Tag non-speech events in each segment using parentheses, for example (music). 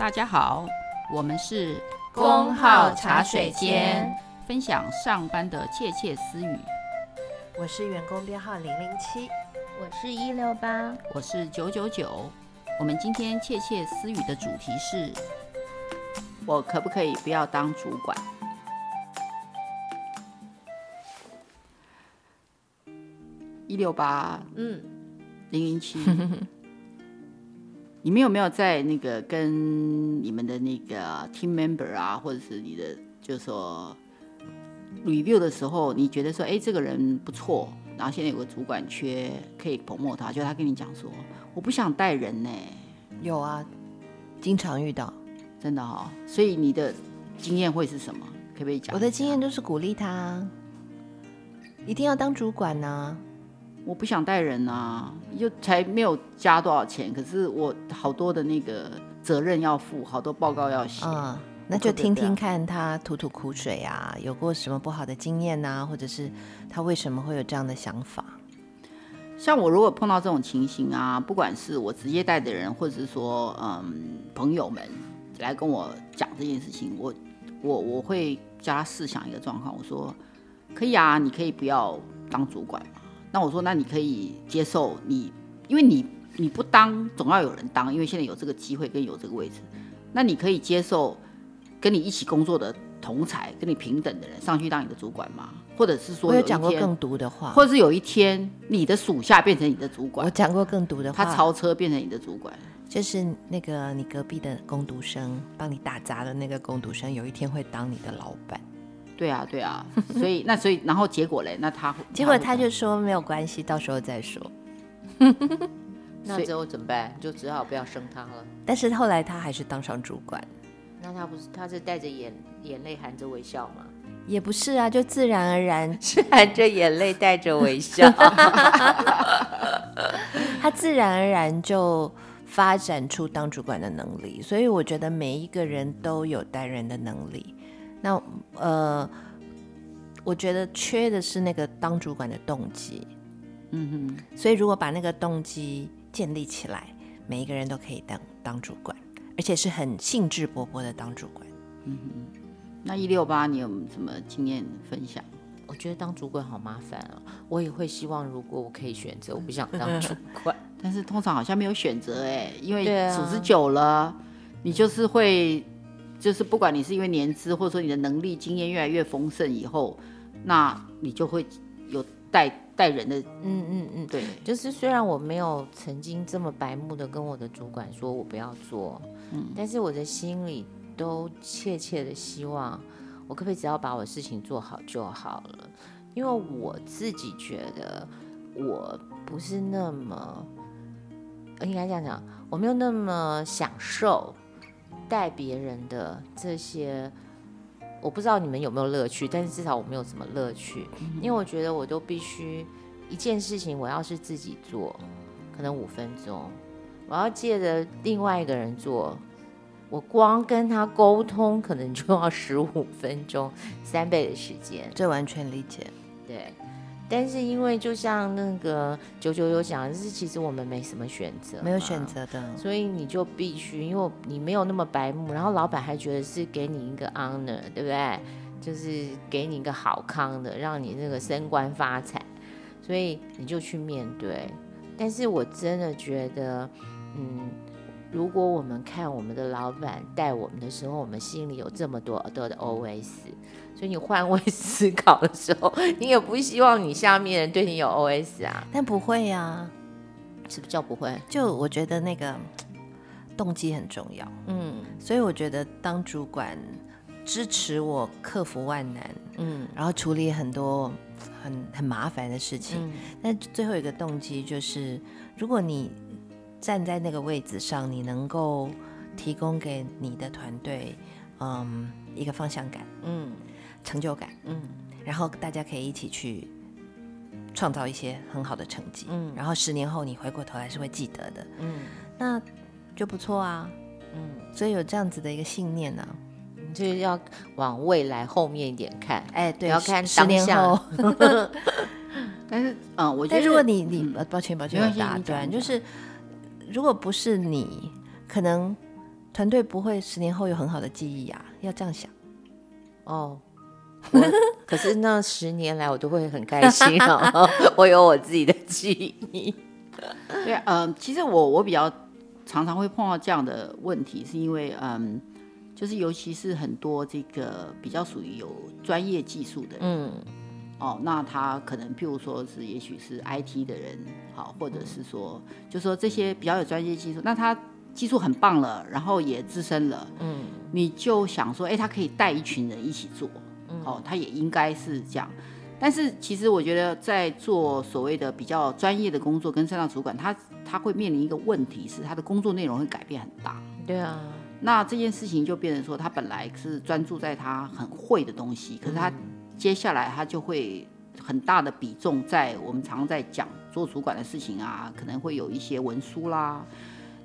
大家好，我們是工號茶水間，分享上班的竊竊私語。我是員工編號零零七，我是一六八，我是九九九。我們今天竊竊私語的主題是：我可不可以不要當主管？一六八，嗯，零零七。你們有沒有在那個跟你們的那個 team member 啊，或者是你的，就是說 review 的時候，你覺得說，哎，這個人不錯，然後現在有個主管缺，可以 promote 他。就是、他跟你講說，我不想帶人呢？有啊，經常遇到，真的哈、哦。所以你的經驗會是什麼？可不可以講？我的經驗就是鼓勵他，一定要當主管呢、啊。我不想帶人啊，又才沒有加多少錢，可是我好多的那個責任要負，好多報告要寫。嗯，那就聽聽看他吐吐苦水啊，有過什麼不好的經驗啊，或者是他為什麼會有這樣的想法？像我如果碰到這種情形啊，不管是我直接帶的人，或者是說，嗯，朋友們來跟我講這件事情，我我我會加試想一個狀況，我說可以啊，你可以不要當主管。那我說，那你可以接受你，因為你你不當，總要有人當。因為現在有這個機會跟有這個位置，那你可以接受跟你一起工作的同儕、跟你平等的人上去當你的主管嗎？或者是說，我有講過更毒的話，或者是有一天你的屬下變成你的主管，我講過更毒的話，他超車變成你的主管，就是那個你隔壁的工讀生幫你打雜的那個工讀生，有一天會當你的老闆。對啊，對啊，所以那所以然後結果嘞？那他結果他就說 (laughs) 沒有關係，到時候再說。 (laughs) 那之後怎麼辦？就只好不要升他了。但是後來他還是當上主管。 (laughs) 那他不是他是帶着眼眼淚含着微笑嗎？也不是啊，就自然而然是含着眼淚帶着微笑。 (laughs) (laughs) 他自然而然就發展出當主管的能力，所以我覺得每一個人都有帶人的能力。那呃，我覺得缺的是那個當主管的動機，嗯哼，所以如果把那個動機建立起來，每一個人都可以當當主管，而且是很興致勃勃的當主管，嗯哼。那一六八，你有什麼經驗分享？嗯、我覺得當主管好麻煩啊、哦，我也會希望如果我可以選擇，我不想當主管， (laughs) 但是通常好像沒有選擇哎，因為組織久了，啊、你就是會。就是不管你是因為年資，或者說你的能力、經驗越來越豐盛以後，那你就會有帶帶人的，嗯嗯嗯，嗯嗯對。就是雖然我沒有曾經這麼白目的跟我的主管說我不要做，嗯，但是我的心裡都切切的希望，我可不可以只要把我的事情做好就好了？因為我自己覺得我不是那麼應該這樣講，我沒有那麼享受。帶別人的這些，我不知道你們有沒有樂趣，但是至少我沒有什麼樂趣，因為我覺得我都必須一件事情，我要是自己做，可能五分鐘，我要借着另外一個人做，我光跟他溝通可能就要十五分鐘，三倍的時間，這完全理解，對。但是因為就像那個九九有講，就是其實我們沒什麼選擇，沒有選擇的，所以你就必須，因為你沒有那麼白目，然後老闆還覺得是給你一個 honor，對不對？就是給你一個好康的，讓你那個升官發財，所以你就去面對。但是我真的覺得，嗯。如果我們看我們的老闆帶我們的時候，我們心裡有這麼多多的 OS，所以你換位思考的時候，你也不希望你下面人對你有 OS 啊？但不會呀、啊，是不是叫不會？就我覺得那個動機很重要。嗯，所以我覺得當主管支持我克服萬難，嗯，然後處理很多很很麻煩的事情，那、嗯、最後一個動機就是，如果你，站在那個位置上，你能夠提供給你的團隊，嗯，一個方向感，嗯，成就感，嗯，然後大家可以一起去創造一些很好的成績，嗯，然後十年後你回過頭來是會記得的，嗯，那就不錯啊、嗯，所以有這樣子的一個信念呢、啊，就是要往未來後面一點看，哎，對，要看十年後， (laughs) (laughs) 但是啊、嗯，我覺得如果你你，抱歉抱歉，打斷，就是。如果不是你，可能團隊不會十年後有很好的記憶啊。要這樣想哦。 (laughs) 可是那十年來，我都會很開心，哦， (laughs) 我有我自己的記憶。對啊，嗯，其實我我比較常常會碰到這樣的問題，是因為嗯，就是尤其是很多這個比較屬於有專業技術的人。嗯哦，那他可能，譬如說是，也許是 IT 的人，好，或者是說，嗯、就說這些比較有專業技術，那他技術很棒了，然後也資深了，嗯，你就想說，哎、欸，他可以帶一群人一起做，嗯，哦，他也應該是這樣，但是其實我覺得在做所謂的比較專業的工作跟上到主管，他他會面臨一個問題是他的工作內容會改變很大，對啊、嗯，那這件事情就變成說他本來是專注在他很會的東西，嗯、可是他。接下來他就會很大的比重在我們常在講做主管的事情啊，可能會有一些文書啦，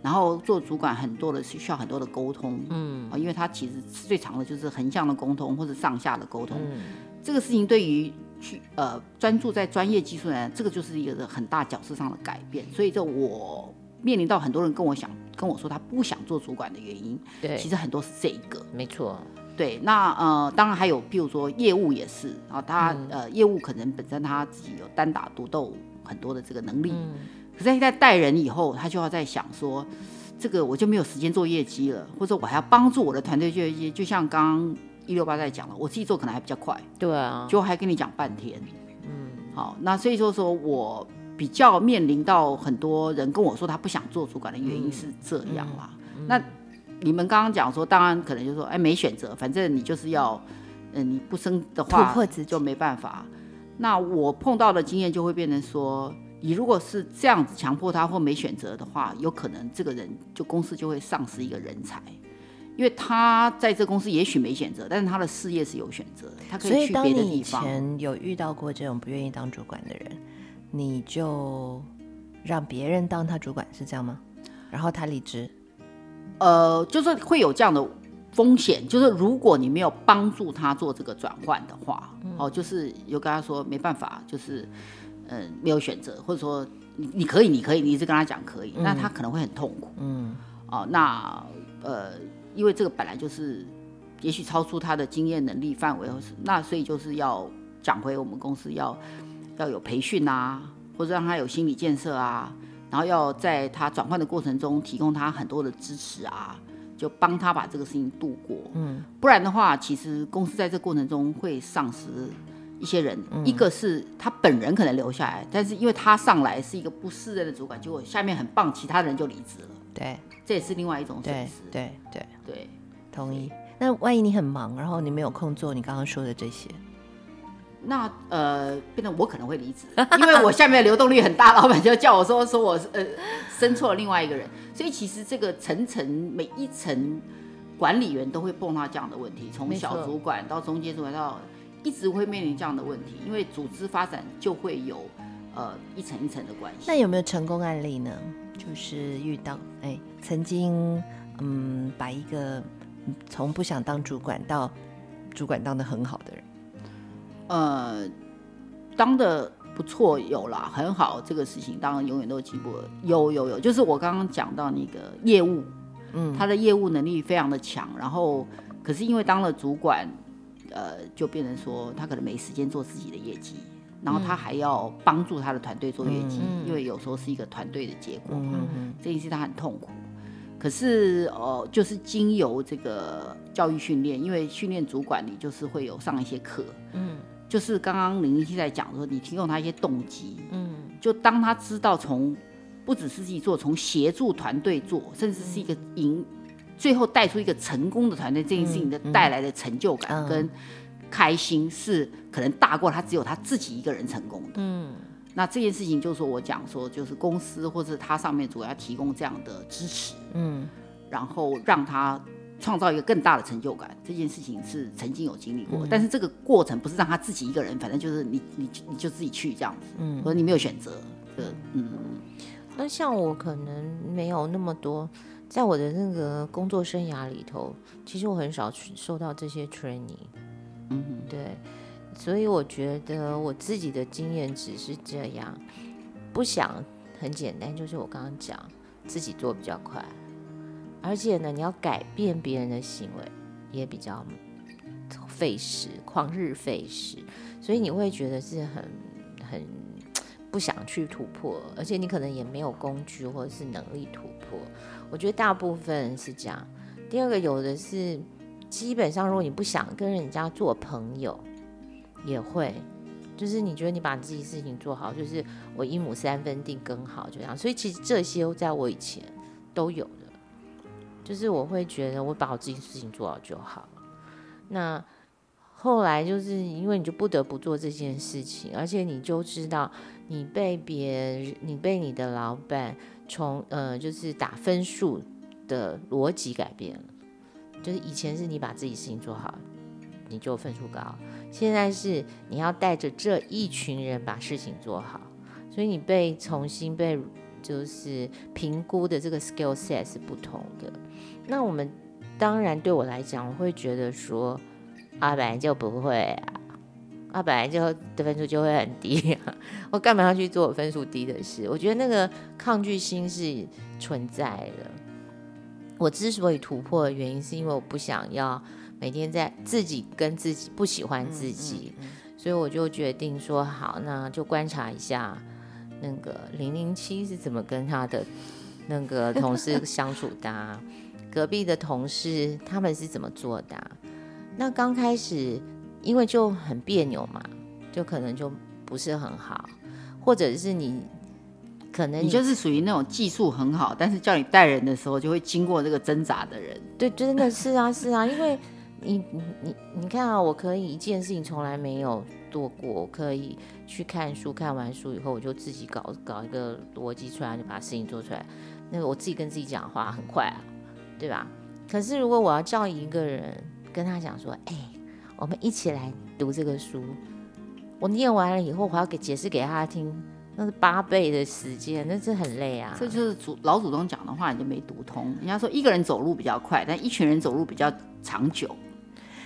然後做主管很多的是需要很多的溝通，嗯，啊，因為他其實是最常的就是橫向的溝通或者上下的溝通，嗯，這個事情對於去呃專注在專業技術人這個就是一個很大角色上的改變，所以這我。面臨到很多人跟我想跟我說他不想做主管的原因，對，其實很多是這一個，沒錯。對，那呃，當然還有，譬如說業務也是啊、哦，他、嗯、呃，業務可能本身他自己有單打獨鬥很多的這個能力，嗯、可是現在帶人以後，他就要在想說，嗯、這個我就沒有時間做業績了，或者說我還要幫助我的團隊就業績，就像剛剛一六八在講了，我自己做可能還比較快，對啊，就還跟你講半天，嗯，好、哦，那所以說說我。比較面臨到很多人跟我說他不想做主管的原因是這樣啦。嗯嗯、那你們剛剛講說，當然可能就說，哎，沒選擇，反正你就是要，嗯，你不升的話就沒辦法。那我碰到的經驗就會變成說，你如果是這樣子強迫他或沒選擇的話，有可能這個人就，就公司就會喪失一個人才，因為他在這公司也許沒選擇，但是他的事業是有選擇的，他可以去別的地方。以前有遇到過這種不願意當主管的人。你就讓別人當他主管是這樣嗎？然後他離職，呃，就是會有這樣的風險，就是如果你沒有幫助他做這個轉換的話，嗯、哦，就是有跟他說沒辦法，就是嗯、呃，沒有選擇，或者說你你可以，你可以，你一直跟他講可以，嗯、那他可能會很痛苦，嗯，哦，那呃，因為這個本來就是也許超出他的經驗能力範圍或是，那所以就是要講回我們公司要。要有培訓啊，或者讓他有心理建設啊，然後要在他轉換的過程中提供他很多的支持啊，就幫他把這個事情度過。嗯，不然的話，其實公司在這個過程中會喪失一些人。嗯，一個是他本人可能留下來，但是因為他上來是一個不適任的主管，結果下面很棒，其他人就離職了。對，這也是另外一種損失。對對對對，對，同意。那萬一你很忙，然後你沒有空做你剛剛說的這些？那呃，變成我可能會離職，因為我下面的流動率很大，老闆就叫我說，說我呃，生錯了另外一個人。所以其實這個層層每一層管理員都會碰到這樣的問題，從小主管到中間主管到，一直會面臨這樣的問題，因為組織發展就會有呃一層一層的關係。那有沒有成功案例呢？就是遇到哎、欸，曾經嗯，把一個從不想當主管到主管當得很好的人。呃，當得不錯，有啦，很好這個事情，當然永遠都有進步。有有有，就是我剛剛講到那個業務，嗯，他的業務能力非常的強，然後可是因為當了主管，呃，就變成說他可能沒時間做自己的業績，然後他還要幫助他的團隊做業績，嗯、因為有時候是一個團隊的結果嘛，這一些他很痛苦。可是哦、呃，就是經由這個教育訓練，因為訓練主管你就是會有上一些課，嗯。就是剛剛林一七在講說，你提供他一些動機，嗯，就當他知道從不只是自己做，從協助團隊做，甚至是一個贏，嗯、最後帶出一個成功的團隊，這件事情的帶來的成就感跟開心是可能大過他只有他自己一個人成功的。嗯，那這件事情就是我講說，就是公司或是他上面主要提供這樣的支持，嗯，然後讓他。創造一個更大的成就感，這件事情是曾經有經歷過，嗯、但是這個過程不是讓他自己一個人，反正就是你你你就，你就自己去這樣子，嗯，或者你沒有選擇，對，嗯。嗯，那像我可能沒有那麼多，在我的那個工作生涯裡頭，其實我很少去受到這些 training，嗯哼，對，所以我覺得我自己的經驗只是這樣，不想很簡單，就是我剛剛講自己做比較快。而且呢，你要改變別人的行為，也比較費時，曠日費時，所以你會覺得是很很不想去突破，而且你可能也沒有工具或者是能力突破。我覺得大部分是這樣。第二個，有的是基本上，如果你不想跟人家做朋友，也會，就是你覺得你把自己事情做好，就是我一畝三分地耕好，就這樣。所以其實這些在我以前都有。就是我會覺得我把我自己事情做好就好。那後來就是因為你就不得不做這件事情，而且你就知道你被別人、你被你的老闆從呃就是打分數的邏輯改變了。就是以前是你把自己事情做好，你就分數高；現在是你要帶着這一群人把事情做好，所以你被重新被就是評估的這個 skill set 是不同的。那我們當然對我來講，會覺得說，啊，本來就不會啊，啊，本來就的分數就會很低，啊，我幹嘛要去做分數低的事？我覺得那個抗拒心是存在的。我之所以突破的原因，是因為我不想要每天在自己跟自己不喜歡自己，所以我就決定說好，那就觀察一下那個零零七是怎麼跟他的那個同事相處的，啊。 (laughs) 隔壁的同事他們是怎麼做的啊？那剛開始，因為就很彆扭嘛，就可能就不是很好，或者是你可能你，你就是屬於那種技術很好，但是叫你帶人的時候就會經過這個掙扎的人。對，真的是啊，是啊，因為你你你，你看啊，我可以一件事情從來沒有做過，我可以去看書，看完書以後我就自己搞搞一個邏輯出來，就把事情做出來。那個我自己跟自己講話很快啊。對吧？可是如果我要叫一個人跟他講說：“哎、欸，我們一起來讀這個書，我念完了以後，我要給解釋給他聽，那是八倍的時間，那這很累啊。”這就是祖老祖宗講的話，你就沒讀通。人家說一個人走路比較快，但一群人走路比較長久。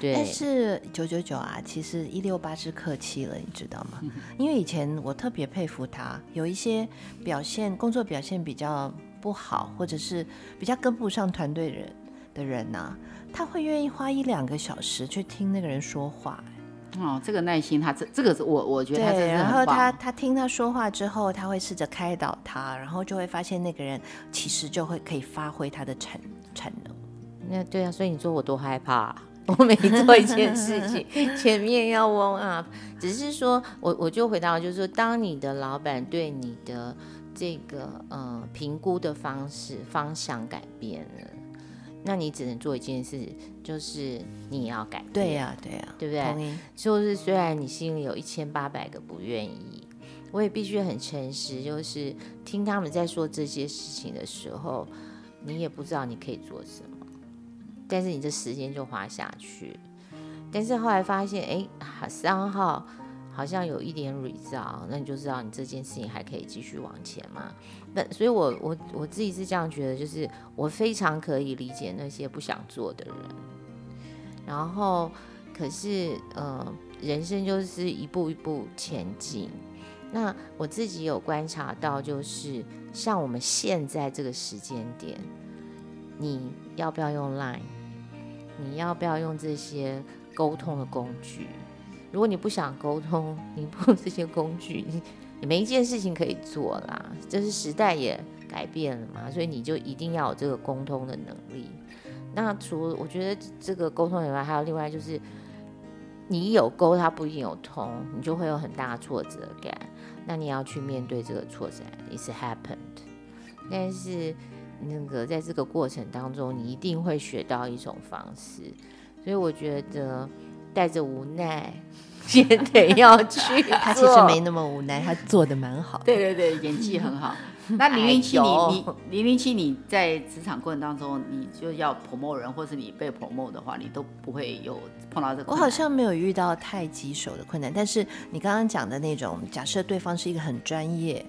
對，但、欸、是九九九啊，其實一六八是客氣了，你知道嗎？嗯、因為以前我特別佩服他，有一些表現，工作表現比較。不好，或者是比較跟不上團隊人的人呢、啊，他會願意花一兩個小時去聽那個人說話、欸。哦，這個耐心他，他這這個、這個、我我覺得他真的很棒。對，然後他他聽他說話之後，他會試着開導他，然後就會發現那個人其實就會可以發揮他的產能。那對啊，所以你說我多害怕、啊，我每一做一件事情 (laughs) 前面要 warm up，只是說我我就回答，就是說當你的老板對你的。這個呃評估的方式方向改變了，那你只能做一件事，就是你要改變。對呀，對呀，對不對？同意。就是雖然你心裡有一千八百個不願意，我也必須很誠實，就是聽他們在說這些事情的時候，你也不知道你可以做什麼，但是你這時間就花下去。但是後來發現，哎，好像好。好像有一點 result，那你就知道你這件事情還可以繼續往前嘛。那所以我，我我我自己是這樣覺得，就是我非常可以理解那些不想做的人。然後，可是，呃，人生就是一步一步前進。那我自己有觀察到，就是像我們現在這個時間點，你要不要用 Line？你要不要用這些溝通的工具？如果你不想溝通，你不用這些工具你，你沒一件事情可以做啦。就是時代也改變了嘛，所以你就一定要有這個溝通的能力。那除了我覺得這個溝通以外，還有另外就是，你有溝，他不一定有通，你就會有很大的挫折感。那你要去面對這個挫折，It's happened。但是那個在這個過程當中，你一定會學到一種方式。所以我覺得。帶着無奈，也得要去。 (laughs) 他其實沒那麼無奈，他做得蠻好的。 (laughs) 對對對，演技很好。 (laughs) 那零零七。 (laughs) 你零零七，你在職場過程當中，你就要 promote 人，或是你被 promote 的話，你都不會有碰到這個難？我好像沒有遇到太棘手的困難，但是你剛剛講的那種，假設對方是一個很專業、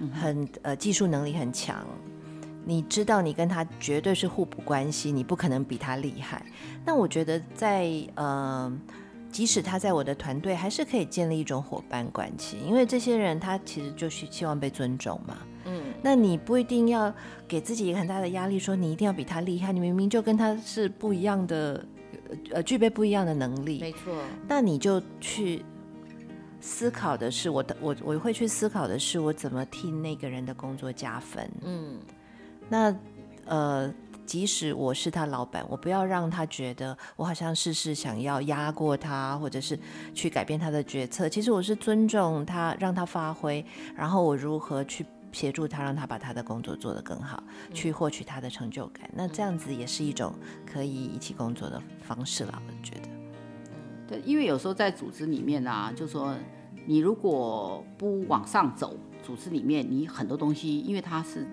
嗯、哼很呃技術能力很強。你知道，你跟他絕對是互補關係，你不可能比他厲害。那我覺得在，在、呃、嗯，即使他在我的團隊，還是可以建立一種夥伴關係。因為這些人，他其實就是希望被尊重嘛。嗯。那你不一定要給自己很大的壓力，說你一定要比他厲害。你明明就跟他是不一樣的，呃，具備不一樣的能力。沒錯。那你就去思考的是我，我的我我會去思考的是，我怎麼替那個人的工作加分。嗯。那，呃，即使我是他老闆，我不要讓他覺得我好像事事想要壓過他，或者是去改變他的決策。其實我是尊重他，讓他發揮，然後我如何去協助他，讓他把他的工作做得更好，嗯。去獲取他的成就感。那這樣子也是一種可以一起工作的方式啦，我覺得。對，因為有時候在組織裡面啊，就說你如果不往上走，組織裡面你很多東西，因為他是。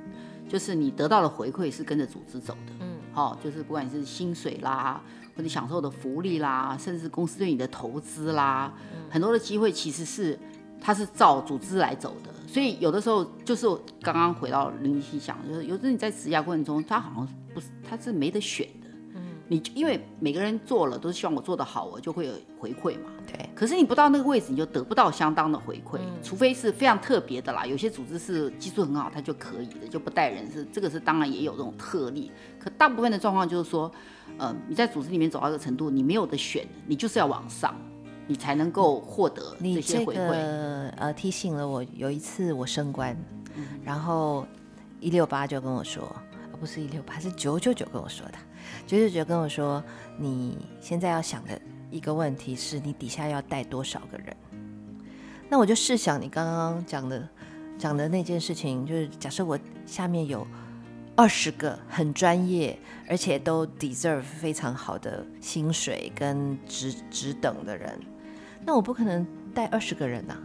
就是你得到的回饋是跟着組織走的，嗯，好、哦，就是不管你是薪水啦，或者享受的福利啦，甚至公司對你的投資啦，嗯、很多的機會其實是它是照組織來走的。所以有的時候就是我剛剛回到林夕講，就是有的時候你在職涯過程中，他好像不是，他是沒得選的。你因為每個人做了都是希望我做得好，我就會有回饋嘛。對。可是你不到那個位置，你就得不到相當的回饋，嗯、除非是非常特別的啦。有些組織是技術很好，他就可以的，就不帶人是。是這個是當然也有這種特例，可大部分的狀況就是說，呃，你在組織裡面走到一個程度，你沒有得選，你就是要往上，你才能夠獲得這些回饋。這個、呃，提醒了我，有一次我升官，嗯、然後一六八就跟我說，呃、不是一六八，是九九九跟我說的。九九九跟我說：“你現在要想的一個問題是你底下要帶多少個人？那我就試想你剛剛講的，講的那件事情，就是假設我下面有二十個很專業，而且都 deserve 非常好的薪水跟職職等的人，那我不可能帶二十個人吶、啊，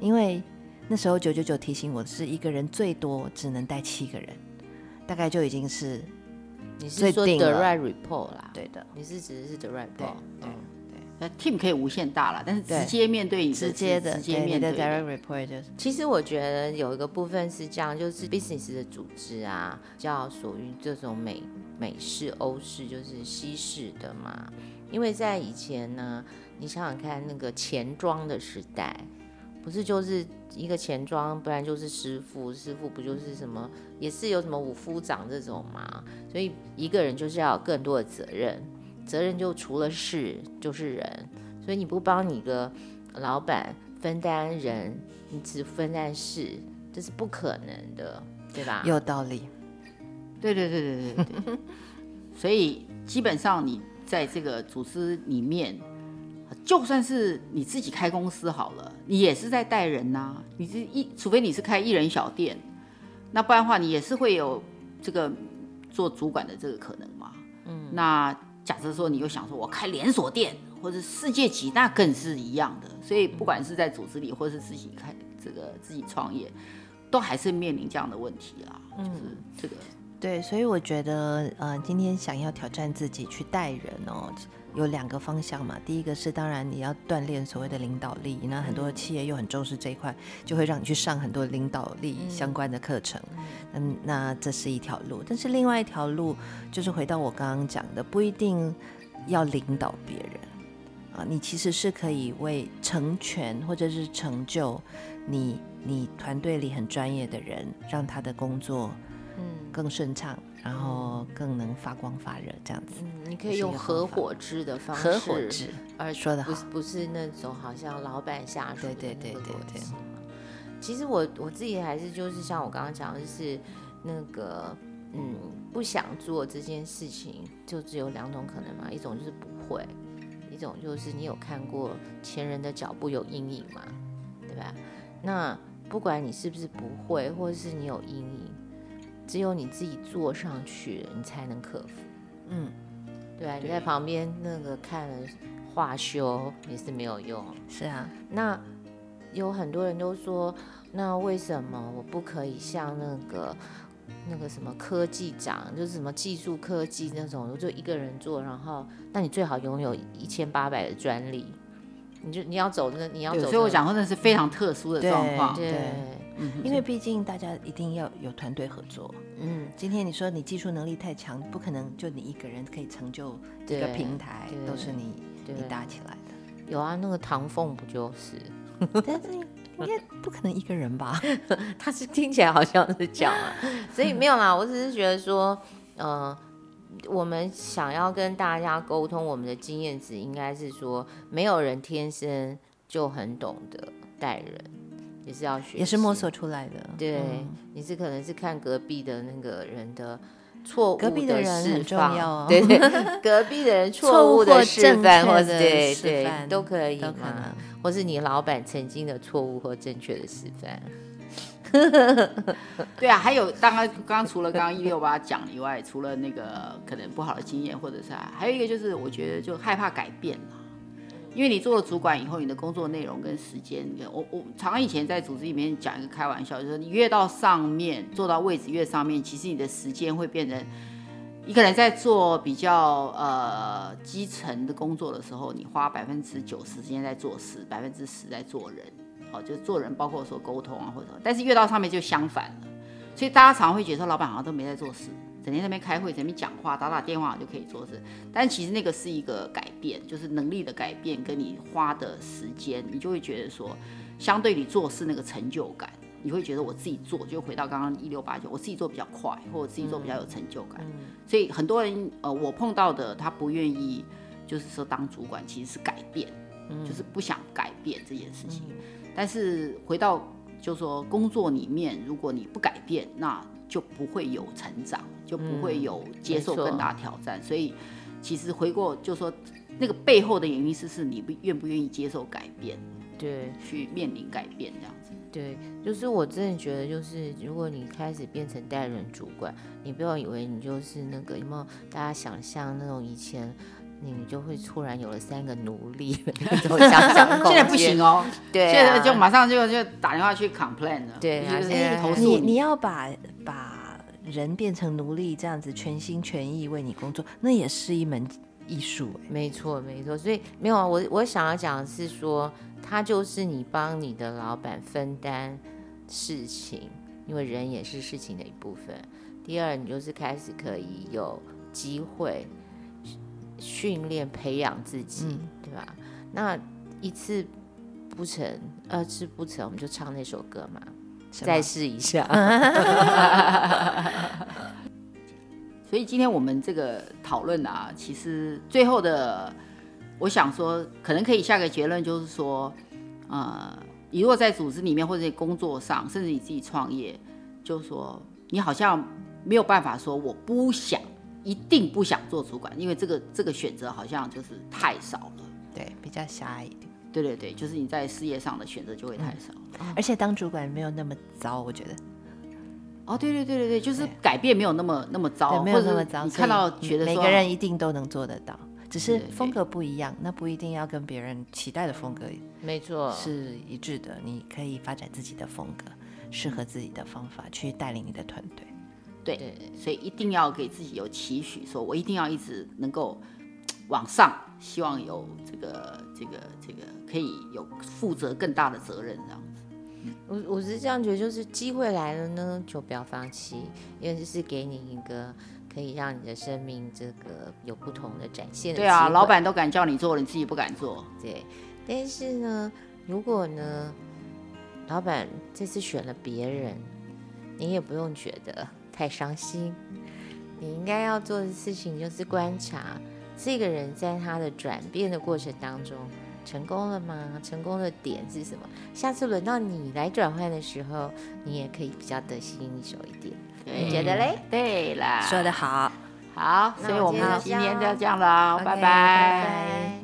因為那時候九九九提醒我是一個人最多只能帶七個人，大概就已經是。”你是說 direct report 啦？對的，你是指的是 direct report 對。對對，那 team 可以無限大了，但是直接面對你是對直接的，直接面對，對 direct report 就是。其實我覺得有一個部分是這樣，就是 business 的組織啊，叫屬於這種美美式、歐式，就是西式的嘛。因為在以前呢，你想想看那個錢莊的時代。不是就是一個錢莊，不然就是師傅。師傅不就是什麼，也是有什麼五夫長這種嘛。所以一個人就是要有更多的責任，責任就除了事就是人。所以你不幫你一個老闆分擔人，你只分擔事，這是不可能的，對吧？有道理。對對對對對 (laughs) 對。所以基本上你在這個組織裡面。就算是你自己開公司好了，你也是在帶人吶、啊。你是一，除非你是開一人小店，那不然的話，你也是會有這個做主管的這個可能嘛。嗯，那假設說你又想說我開連鎖店或者世界級，那更是一樣的。所以不管是在組織裡，嗯、或是自己開這個自己創業，都還是面臨這樣的問題、啊嗯、就是這個。對，所以我覺得呃，今天想要挑戰自己去帶人哦。有兩個方向嘛，第一個是當然你要鍛鍊所謂的領導力，那很多企業又很重視這一塊，就會讓你去上很多領導力相關的課程，嗯，那這是一條路。但是另外一條路就是回到我剛剛講的，不一定要領導別人啊，你其實是可以為成全或者是成就你，你團隊裡很專業的人，讓他的工作。嗯，更順暢，然後更能發光發熱，這樣子。嗯，你可以用合夥制的方式，合夥制，而不，說得好，不是那種好像老闆下屬，對對對對對。其實我我自己還是就是像我剛剛講的是那個嗯，嗯不想做這件事情，就只有兩種可能嘛，一種就是不會，一種就是你有看過前人的腳步有陰影嘛，對吧？那不管你是不是不會，或者是你有陰影。只有你自己坐上去，你才能克服。嗯，對啊，對你在旁邊那個看了化修也是沒有用。是啊，那有很多人都說，那為什麼我不可以像那個那個什麼科技長，就是什麼技術科技那種，我就一個人做，然後那你最好擁有一千八百的專利，你就你要走那你要走。對嗯、所以，我講那是非常特殊的狀況。對。對因為畢竟大家一定要有團隊合作。是嗯，今天你說你技術能力太強，不可能就你一個人可以成就這個平台，都是你對你搭起來的。有啊，那個唐鳳不就是？ (laughs) 但是應該不可能一個人吧？ (laughs) 他是聽起來好像是講啊， (laughs) 所以沒有啦。我只是覺得說，嗯、呃，我們想要跟大家溝通我們的經驗值，應該是說沒有人天生就很懂得帶人。也是要學，也是摸索出來的。對，嗯、你是可能是看隔壁的那個人的錯誤的示範，隔壁的人很重要，哦。對、對， (laughs) 隔壁的人錯誤的示範或者示範或正確。對、對、對、對都可以，都可能嗎？或是你老板曾經的錯誤或正確的示範？ (laughs) 對啊，還有剛剛剛剛除了剛剛一六八講以外，除了那個可能不好的經驗或者是還有一個就是我覺得就害怕改變了因為你做了主管以後，你的工作內容跟時間，我我常以前在組織裡面講一個開玩笑，就是你越到上面做到位置越上面，其實你的時間會變成，一個人在做比較呃基層的工作的時候，你花百分之九十時間在做事，百分之十在做人，哦，就做人包括說溝通啊或者，但是越到上面就相反了，所以大家常常會覺得老闆好像都沒在做事。整天在那邊開會，整天講話，打打電話就可以做事。但其實那個是一個改變，就是能力的改變，跟你花的時間，你就會覺得說，相對你做事那個成就感，你會覺得我自己做就回到剛剛一六八九，我自己做比較快，或者自己做比較有成就感。嗯嗯、所以很多人呃，我碰到的他不願意就是說當主管，其實是改變，嗯、就是不想改變這件事情。嗯、但是回到就是說工作裡面，如果你不改變，那，就不會有成長，就不會有接受更大挑戰。嗯、所以，其實回過就說，那個背後的原因是：是你願不願不願意接受改變？對，去面臨改變這樣子。對，就是我真的覺得，就是如果你開始變成帶人主管，你不要以為你就是那個有沒有大家想象那種以前，你就會突然有了三個奴隸，然後想掌控，現在不行哦。對、啊，現在就馬上就就打電話去 complain 了，對、啊，就是投訴你、欸、你，你要把把人變成奴隸，這樣子全心全意為你工作，那也是一門藝術欸。沒錯，沒錯。所以沒有啊，我我想要講的是說，他就是你幫你的老板分擔事情，因為人也是事情的一部分。第二，你就是開始可以有機會訓練培養自己，嗯。對吧？那一次不成，二次不成，我們就唱那首歌嘛。再試一下。所以今天我們這個討論啊，其實最後的，我想說，可能可以下個結論就是說，呃、嗯，你如果在組織裡面或者工作上，甚至你自己創業，就是說，你好像沒有辦法說我不想，一定不想做主管，因為這個這個選擇好像就是太少了，對，比較狹隘一點。對對對，就是你在事業上的選擇就會太少。嗯，而且當主管沒有那麼糟，我覺得。哦，對對對對對，就是改變沒有那麼那麼糟，沒有那麼糟。你看到覺得每個人一定都能做得到，只是風格不一樣，對對對，那不一定要跟別人期待的風格，沒錯，是一致的。錯你可以發展自己的風格，適合自己的方法去帶領你的團隊。對對，所以一定要給自己有期許，說我一定要一直能夠往上。希望有這個、這個、這個，可以有負責更大的責任，這樣我，我是這樣覺得，就是機會來了呢，就不要放棄，因為這是給你一個可以讓你的生命這個有不同的展現的。對啊，老闆都敢叫你做了，你自己不敢做。對，但是呢，如果呢，老闆這次選了別人，你也不用覺得太傷心。你應該要做的事情就是觀察。這個人在他的轉變的過程當中成功了嗎？成功的點是什麼？下次輪到你來轉換的時候，你也可以比較得心應手一點。嗯、你覺得嘞？對啦了，說得好，好，那所以我們我今天就這樣了，okay, 拜拜。拜拜。